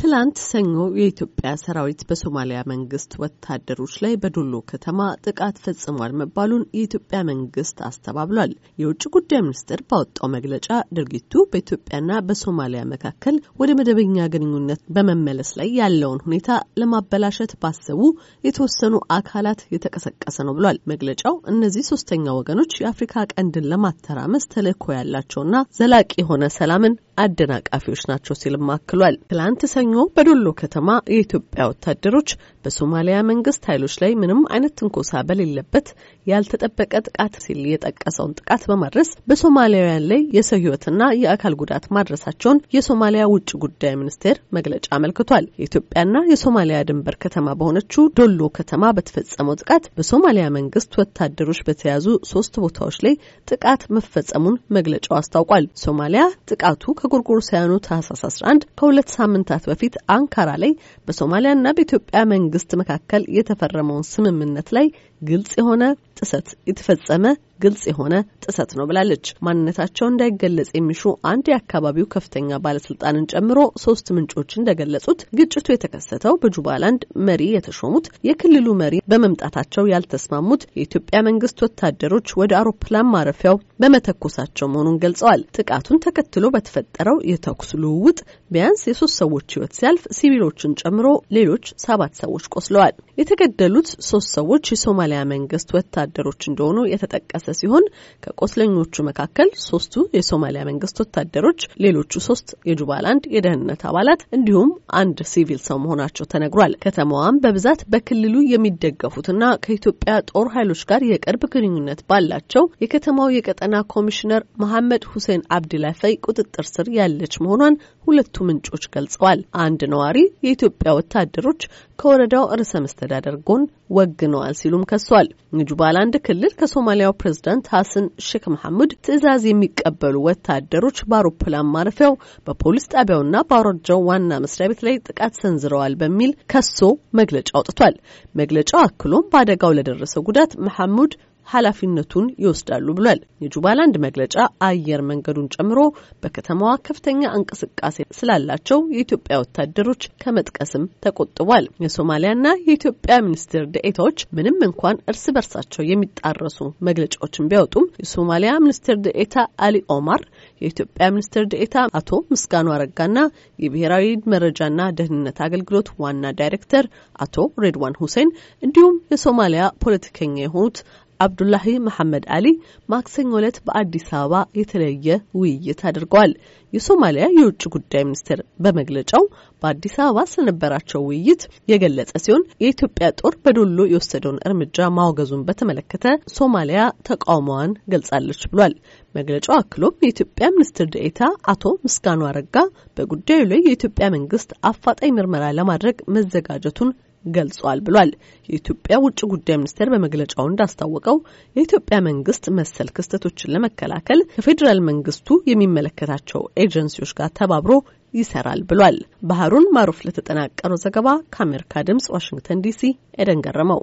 ትላንት ሰኞ የኢትዮጵያ ሰራዊት በሶማሊያ መንግስት ወታደሮች ላይ በዶሎ ከተማ ጥቃት ፈጽሟል መባሉን የኢትዮጵያ መንግስት አስተባብሏል። የውጭ ጉዳይ ሚኒስቴር ባወጣው መግለጫ ድርጊቱ በኢትዮጵያና በሶማሊያ መካከል ወደ መደበኛ ግንኙነት በመመለስ ላይ ያለውን ሁኔታ ለማበላሸት ባሰቡ የተወሰኑ አካላት የተቀሰቀሰ ነው ብሏል። መግለጫው እነዚህ ሶስተኛ ወገኖች የአፍሪካ ቀንድን ለማተራመስ ተልዕኮ ያላቸውና ዘላቂ የሆነ ሰላምን አደናቃፊዎች ናቸው ሲልም አክሏል። ትላንት ሰኞ በዶሎ ከተማ የኢትዮጵያ ወታደሮች በሶማሊያ መንግስት ኃይሎች ላይ ምንም አይነት ትንኮሳ በሌለበት ያልተጠበቀ ጥቃት ሲል የጠቀሰውን ጥቃት በማድረስ በሶማሊያውያን ላይ የሰው ህይወትና የአካል ጉዳት ማድረሳቸውን የሶማሊያ ውጭ ጉዳይ ሚኒስቴር መግለጫ አመልክቷል። የኢትዮጵያና የሶማሊያ ድንበር ከተማ በሆነችው ዶሎ ከተማ በተፈጸመው ጥቃት በሶማሊያ መንግስት ወታደሮች በተያዙ ሶስት ቦታዎች ላይ ጥቃት መፈጸሙን መግለጫው አስታውቋል። ሶማሊያ ጥቃቱ ከጎርጎሮሳውያኑ ታህሳስ 11 ከሁለት ሳምንታት በፊት አንካራ ላይ በሶማሊያና በኢትዮጵያ መንግስት መካከል የተፈረመውን ስምምነት ላይ ግልጽ የሆነ ጥሰት የተፈጸመ ግልጽ የሆነ ጥሰት ነው ብላለች። ማንነታቸው እንዳይገለጽ የሚሹ አንድ የአካባቢው ከፍተኛ ባለስልጣንን ጨምሮ ሶስት ምንጮች እንደገለጹት ግጭቱ የተከሰተው በጁባላንድ መሪ የተሾሙት የክልሉ መሪ በመምጣታቸው ያልተስማሙት የኢትዮጵያ መንግስት ወታደሮች ወደ አውሮፕላን ማረፊያው በመተኮሳቸው መሆኑን ገልጸዋል። ጥቃቱን ተከትሎ በተፈጠረው የተኩስ ልውውጥ ቢያንስ የሶስት ሰዎች ህይወት ሲያልፍ ሲቪሎችን ጨምሮ ሌሎች ሰባት ሰዎች ቆስለዋል። የተገደሉት ሶስት ሰዎች የሶማሊያ የሶማሊያ መንግስት ወታደሮች እንደሆኑ የተጠቀሰ ሲሆን ከቆስለኞቹ መካከል ሶስቱ የሶማሊያ መንግስት ወታደሮች፣ ሌሎቹ ሶስት የጁባላንድ የደህንነት አባላት እንዲሁም አንድ ሲቪል ሰው መሆናቸው ተነግሯል። ከተማዋም በብዛት በክልሉ የሚደገፉትና ከኢትዮጵያ ጦር ኃይሎች ጋር የቅርብ ግንኙነት ባላቸው የከተማው የቀጠና ኮሚሽነር መሐመድ ሁሴን አብድላፈይ ቁጥጥር ስር ያለች መሆኗን ሁለቱ ምንጮች ገልጸዋል። አንድ ነዋሪ የኢትዮጵያ ወታደሮች ከወረዳው ርዕሰ መስተዳደር ጎን ወግነዋል ሲሉም ከ ከሷል። ጁባላንድ ክልል ከሶማሊያው ፕሬዝዳንት ሀሰን ሼክ መሐሙድ ትዕዛዝ የሚቀበሉ ወታደሮች በአውሮፕላን ማረፊያው በፖሊስ ጣቢያውና በአውራጃው ዋና መስሪያ ቤት ላይ ጥቃት ሰንዝረዋል በሚል ከሶ መግለጫ አውጥቷል። መግለጫው አክሎም በአደጋው ለደረሰው ጉዳት መሐሙድ ኃላፊነቱን ይወስዳሉ ብሏል። የጁባላንድ መግለጫ አየር መንገዱን ጨምሮ በከተማዋ ከፍተኛ እንቅስቃሴ ስላላቸው የኢትዮጵያ ወታደሮች ከመጥቀስም ተቆጥቧል። የሶማሊያና የኢትዮጵያ ሚኒስትር ደኤታዎች ምንም እንኳን እርስ በርሳቸው የሚጣረሱ መግለጫዎችን ቢያወጡም የሶማሊያ ሚኒስትር ደኤታ አሊ ኦማር፣ የኢትዮጵያ ሚኒስትር ደኤታ አቶ ምስጋኑ አረጋና የብሔራዊ መረጃና ደህንነት አገልግሎት ዋና ዳይሬክተር አቶ ሬድዋን ሁሴን እንዲሁም የሶማሊያ ፖለቲከኛ የሆኑት አብዱላሂ መሐመድ አሊ ማክሰኞ ዕለት በአዲስ አበባ የተለየ ውይይት አድርገዋል። የሶማሊያ የውጭ ጉዳይ ሚኒስትር በመግለጫው በአዲስ አበባ ስለነበራቸው ውይይት የገለጸ ሲሆን የኢትዮጵያ ጦር በዶሎ የወሰደውን እርምጃ ማውገዙን በተመለከተ ሶማሊያ ተቃውሞዋን ገልጻለች ብሏል። መግለጫው አክሎም የኢትዮጵያ ሚኒስትር ደኤታ አቶ ምስጋኑ አረጋ በጉዳዩ ላይ የኢትዮጵያ መንግስት አፋጣኝ ምርመራ ለማድረግ መዘጋጀቱን ገልጿል ብሏል። የኢትዮጵያ ውጭ ጉዳይ ሚኒስቴር በመግለጫው እንዳስታወቀው የኢትዮጵያ መንግስት መሰል ክስተቶችን ለመከላከል ከፌዴራል መንግስቱ የሚመለከታቸው ኤጀንሲዎች ጋር ተባብሮ ይሰራል ብሏል። ባህሩን ማሩፍ ለተጠናቀረው ዘገባ ከአሜሪካ ድምጽ ዋሽንግተን ዲሲ ኤደን ገረመው